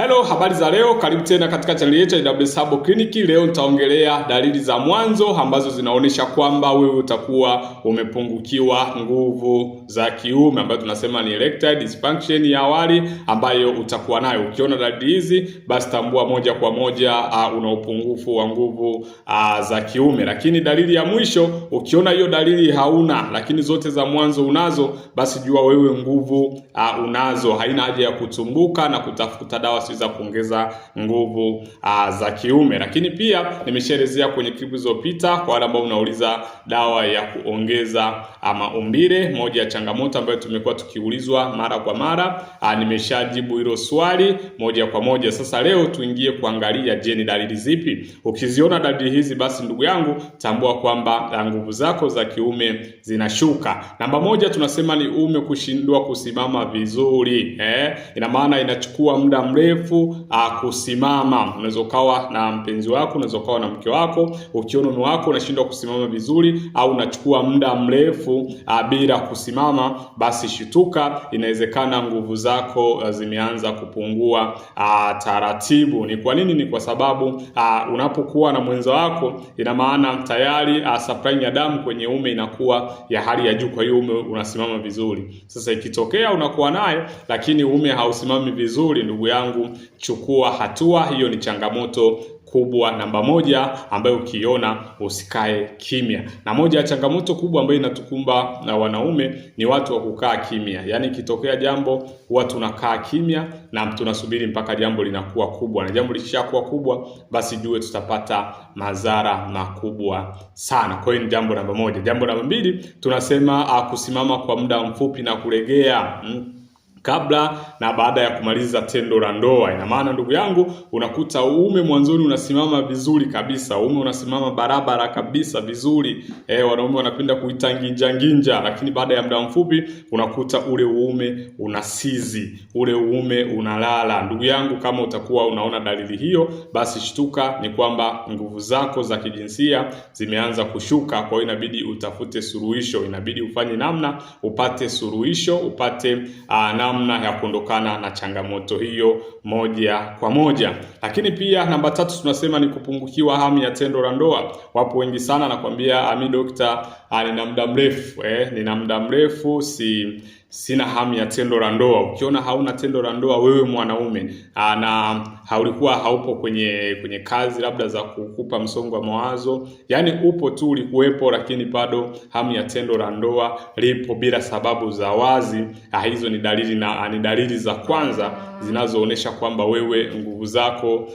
Hello, habari za leo. Karibu tena katika chaneli yetu ya WS Herbal Clinic. Leo nitaongelea dalili za mwanzo ambazo zinaonyesha kwamba wewe utakuwa umepungukiwa nguvu za kiume ambayo tunasema ni erectile dysfunction ya awali ambayo utakuwa nayo. Ukiona dalili hizi, basi tambua moja kwa moja uh, una upungufu wa nguvu uh, za kiume. Lakini dalili ya mwisho, ukiona hiyo dalili hauna, lakini zote za mwanzo unazo, basi jua wewe nguvu uh, unazo. Haina haja ya kutumbuka na kutafuta dawa nafasi za kuongeza nguvu uh, za kiume. Lakini pia nimeshaelezea kwenye clip zilizopita kwa wale ambao unauliza dawa ya kuongeza uh, maumbile, moja ya changamoto ambayo tumekuwa tukiulizwa mara kwa mara uh, nimeshajibu hilo swali moja kwa moja. Sasa leo tuingie kuangalia, je, ni dalili zipi? Ukiziona dalili hizi, basi ndugu yangu, tambua kwamba nguvu zako za kiume zinashuka. Namba moja tunasema ni ume kushindwa kusimama vizuri eh? Ina maana inachukua muda mrefu mrefu a, ah, kusimama. Unaweza ukawa na mpenzi wako, unaweza ukawa na mke wako, ukiona mume wako unashindwa kusimama vizuri au unachukua muda mrefu ah, bila kusimama, basi shituka, inawezekana nguvu zako ah, zimeanza kupungua a, taratibu. Ni kwa nini? Ni kwa sababu a, unapokuwa na mwenza wako, ina maana tayari supply ya damu kwenye ume inakuwa ya hali ya juu, kwa hiyo ume unasimama vizuri. Sasa ikitokea unakuwa naye lakini ume hausimami vizuri, ndugu yangu yangu, chukua hatua. Hiyo ni changamoto kubwa namba moja ambayo ukiona usikae kimya. Na moja ya changamoto kubwa ambayo inatukumba na wanaume ni watu wa kukaa kimya, yaani ikitokea jambo huwa tunakaa kimya na tunasubiri mpaka jambo linakuwa kubwa, na jambo likishakuwa kubwa, basi jue tutapata madhara makubwa sana. Kwa hiyo ni jambo namba moja. Jambo namba mbili tunasema ah, kusimama kwa muda mfupi na kulegea mm kabla na baada ya kumaliza tendo la ndoa. Ina maana ndugu yangu, unakuta uume mwanzoni unasimama vizuri kabisa, uume unasimama barabara kabisa vizuri. E, wanaume wanapenda kuita nginja nginja, lakini baada ya muda mfupi unakuta ule uume unasizi, ule uume unalala. Ndugu yangu, kama utakuwa unaona dalili hiyo, basi shtuka, ni kwamba nguvu zako za kijinsia zimeanza kushuka. Kwa hiyo inabidi utafute suluhisho, inabidi ufanye namna, upate suluhisho, upate uh, namna ya kuondokana na changamoto hiyo moja kwa moja. Lakini pia namba tatu tunasema ni kupungukiwa hamu ya tendo la ndoa. Wapo wengi sana nakwambia, ami dokta, ah, nina muda mrefu eh, nina muda mrefu si sina hamu ya tendo la ndoa. Ukiona hauna tendo la ndoa wewe mwanaume ah, na haulikuwa haupo kwenye kwenye kazi labda za kukupa msongo wa mawazo, yaani upo tu, ulikuwepo, lakini bado hamu ya tendo la ndoa lipo bila sababu za wazi, ah, hizo ni dalili na ah, ni dalili za kwanza zinazoonyesha kwamba wewe nguvu zako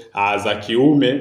za kiume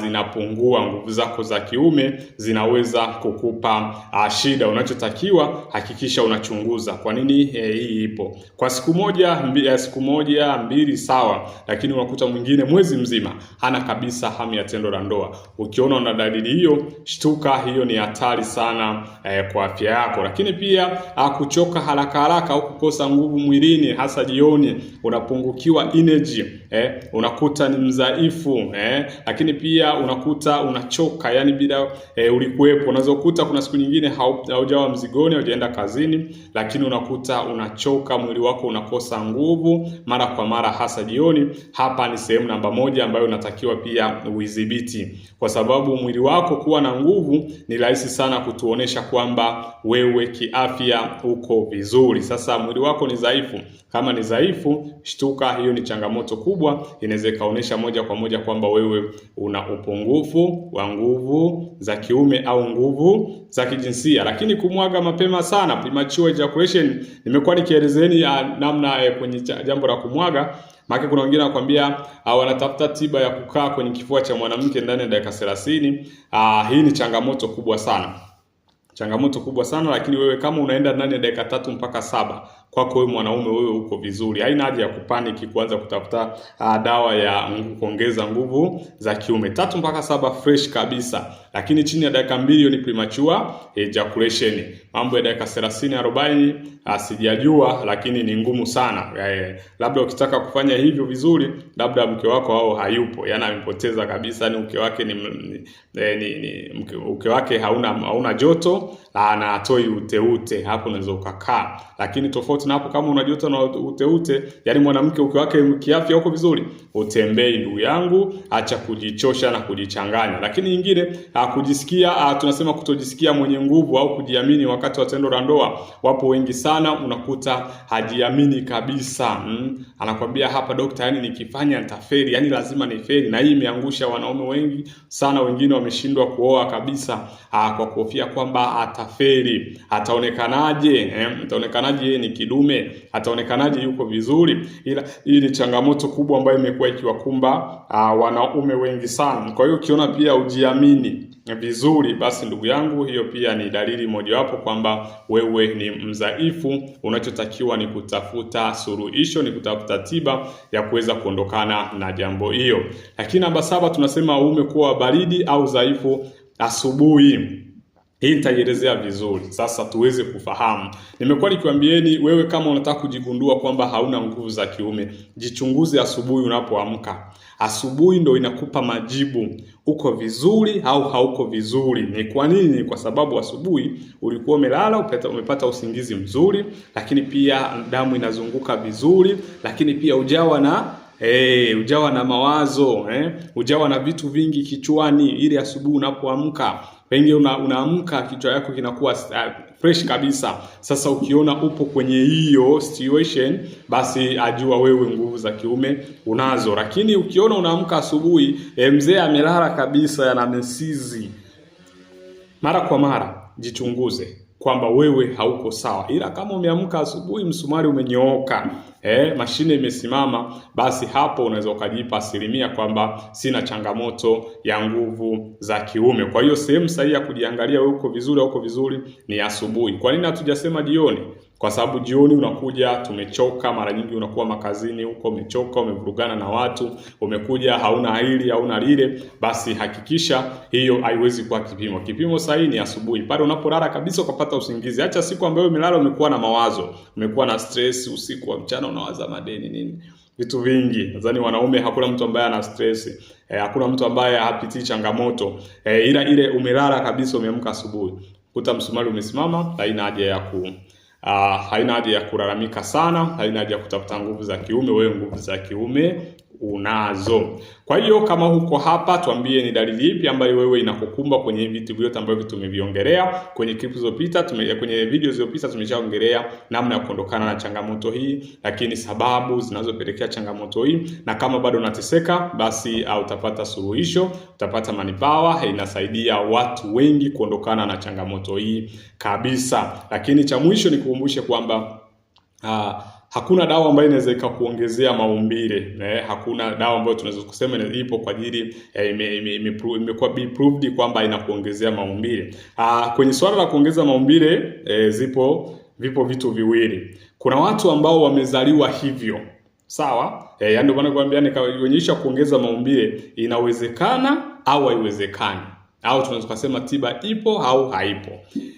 zinapungua. Nguvu zako za kiume zinaweza kukupa shida. Unachotakiwa hakikisha unachunguza kwa nini e, hii ipo kwa siku moja mbi, eh, siku moja mbili sawa, lakini unakuta mwingine mwezi mzima hana kabisa hamu ya tendo la ndoa. Ukiona una dalili hiyo, shtuka, hiyo ni hatari sana e, kwa afya yako. Lakini pia ah, kuchoka haraka haraka au kukosa nguvu mwilini, hasa jioni, unapungukiwa energy e, unakuta ni mdhaifu e, lakini pia unakuta unachoka, yani bila e, ulikuwepo. Unaweza kukuta kuna siku nyingine haujawa mzigoni, haujaenda kazini, lakini unakuta unajikuta unachoka, mwili wako unakosa nguvu mara kwa mara, hasa jioni. Hapa ni sehemu namba moja ambayo unatakiwa pia uidhibiti, kwa sababu mwili wako kuwa na nguvu ni rahisi sana kutuonesha kwamba wewe kiafya uko vizuri. Sasa mwili wako ni dhaifu. Kama ni dhaifu, shtuka, hiyo ni changamoto kubwa, inaweza ikaonesha moja kwa moja kwamba wewe una upungufu wa nguvu za kiume au nguvu za kijinsia. Lakini kumwaga mapema sana, premature ejaculation Nimekuwa nikielezeni namna ya eh, kwenye jambo la kumwaga maana kuna wengine wanakuambia uh, wanatafuta tiba ya kukaa kwenye kifua cha mwanamke ndani ya dakika 30. Uh, ah, hii ni changamoto kubwa sana changamoto kubwa sana lakini wewe kama unaenda ndani ya dakika tatu mpaka saba kwako wewe mwanaume, wewe uko vizuri, haina haja ya kupaniki kuanza kutafuta uh, dawa ya kuongeza nguvu za kiume. Tatu mpaka saba fresh kabisa, lakini chini ya dakika mbili ni premature ejaculation. Mambo ya dakika 30 40 uh, sijajua, lakini ni ngumu sana eh, labda ukitaka kufanya hivyo vizuri, labda mke wako au hayupo, yana amepoteza kabisa, ni mke wake ni, ni, eh, ni, ni mke, mke wake hauna hauna joto ah, na atoi uteute, hapo unaweza ukakaa, lakini tofauti na hapo, kama joto na uteute, yani mwanamke uke wake kiafya uko vizuri, utembei ndugu yangu, acha kujichosha na kujichanganya. Lakini nyingine ah, kujisikia, ah, tunasema kutojisikia mwenye nguvu au kujiamini wakati wa tendo la ndoa. Wapo wengi sana unakuta hajiamini kabisa mm anakwambia hapa dokta, yani nikifanya nitafeli, yani lazima nifeli. Na hii imeangusha wanaume wengi sana, wengine wameshindwa kuoa kabisa aa, ah, kwa kuhofia kwamba atafeli. Ataonekanaje eh? Ataonekanaje yeye ni kidume? Ataonekanaje yuko vizuri? Ila hii ni changamoto kubwa ambayo imekuwa ikiwakumba ah, wanaume wengi sana. Kwa hiyo ukiona pia ujiamini vizuri, basi ndugu yangu, hiyo pia ni dalili mojawapo kwamba wewe ni mdhaifu. Unachotakiwa ni kutafuta suluhisho, ni kutafuta tiba ya kuweza kuondokana na jambo hiyo. Lakini namba saba tunasema umekuwa baridi au dhaifu asubuhi hii nitaielezea vizuri sasa tuweze kufahamu. Nimekuwa nikiwaambieni wewe, kama unataka kujigundua kwamba hauna nguvu za kiume, jichunguze asubuhi unapoamka. Asubuhi ndo inakupa majibu, uko vizuri au hauko vizuri. Ni kwa nini? Kwa sababu asubuhi ulikuwa umelala, umepata usingizi mzuri, lakini pia damu inazunguka vizuri, lakini pia ujawa na Hey, eh, ujawa na mawazo eh? Ujawa na vitu vingi kichwani ili asubuhi unapoamka pengine unaamka kichwa yako kinakuwa uh, fresh kabisa. Sasa ukiona upo kwenye hiyo situation, basi ajua wewe nguvu za kiume unazo, lakini ukiona unaamka asubuhi eh, mzee amelala kabisa na mesizi, mara kwa mara jichunguze kwamba wewe hauko sawa, ila kama umeamka asubuhi msumari umenyooka eh, mashine imesimama, basi hapo unaweza ukajipa asilimia kwamba sina changamoto ya nguvu za kiume. Kwa hiyo sehemu sahihi ya kujiangalia uko vizuri, uko vizuri ni asubuhi. Kwa nini hatujasema jioni? kwa sababu jioni unakuja tumechoka, mara nyingi unakuwa makazini huko, umechoka, umevurugana na watu, umekuja hauna hili hauna lile, basi hakikisha hiyo haiwezi kuwa kipimo. Kipimo sahihi ni asubuhi, pale unapolala kabisa ukapata usingizi. Acha siku ambayo umelala umekuwa na mawazo, umekuwa na stress usiku wa mchana, unawaza madeni nini vitu vingi. Nadhani wanaume hakuna mtu ambaye ana stress eh, hakuna mtu ambaye hapitii changamoto eh, ila ile umelala kabisa, umeamka asubuhi kuta msumari umesimama, haina haja ya ku Uh, haina haja ya kulalamika sana, haina haja ya kutafuta nguvu za kiume. Wewe nguvu za kiume unazo. Kwa hiyo kama huko hapa, tuambie ni dalili ipi ambayo wewe inakukumba kwenye vitu vyote ambavyo tumeviongelea kwenye clip zilizopita, kwenye video zilizopita tumeshaongelea namna ya kuondokana na changamoto hii, lakini sababu zinazopelekea changamoto hii, na kama bado unateseka basi uh, utapata suluhisho, utapata manipawa. Inasaidia watu wengi kuondokana na changamoto hii kabisa. Lakini cha mwisho nikukumbushe kwamba uh, hakuna dawa ambayo inaweza ikakuongezea maumbile eh, hakuna dawa ambayo tunaweza kusema ipo kwa ajili eh, ime, ime, ime, ime proved kwamba inakuongezea maumbile. Ah, kwenye swala la kuongeza maumbile eh, zipo vipo vitu viwili. Kuna watu ambao wamezaliwa hivyo sawa, eh, yani ndio maana kuambia nikaonyesha kuongeza maumbile inawezekana au haiwezekani au tunaweza kusema tiba ipo au haipo.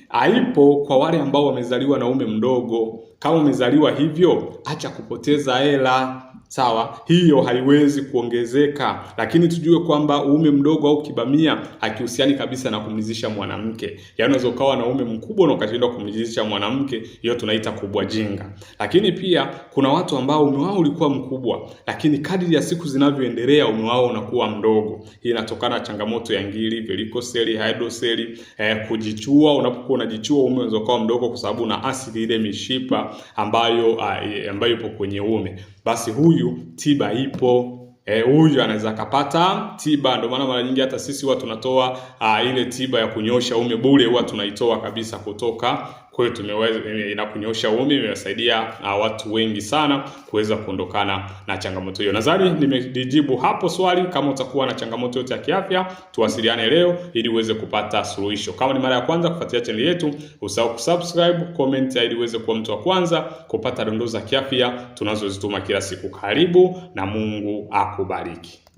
Haipo kwa wale ambao wamezaliwa na ume mdogo. Kama umezaliwa hivyo, acha kupoteza hela. Sawa, hiyo haiwezi kuongezeka, lakini tujue kwamba uume mdogo au kibamia hakihusiani kabisa na kumlizisha mwanamke. Yaani unaweza ukawa na uume mkubwa na ukashindwa kumlizisha mwanamke, hiyo tunaita kubwa jinga. Lakini pia kuna watu ambao uume wao ulikuwa mkubwa, lakini kadri ya siku zinavyoendelea uume wao unakuwa mdogo. Hii inatokana na changamoto ya ngiri, velikoseli, hydroseli, eh, kujichua. Unapokuwa unajichua uume unaweza ukawa mdogo kwa sababu na asili ile mishipa ambayo, ah, ambayo ipo kwenye uume, basi huu huyu tiba ipo e, huyu anaweza akapata tiba. Ndio maana mara nyingi hata sisi huwa tunatoa ah, ile tiba ya kunyosha ume bure, huwa tunaitoa kabisa kutoka kwa hiyo tumeweza inakunyosha umi, imewasaidia uh, ah, watu wengi sana kuweza kuondokana na changamoto hiyo. Nadhani nimejibu hapo swali. Kama utakuwa na changamoto yote ya kiafya, tuwasiliane leo ili uweze kupata suluhisho. Kama ni mara ya kwanza kufuatilia chaneli yetu, usahau kusubscribe, comment ili uweze kuwa mtu wa kwanza kupata dondoo za kiafya tunazozituma kila siku. Karibu na Mungu akubariki.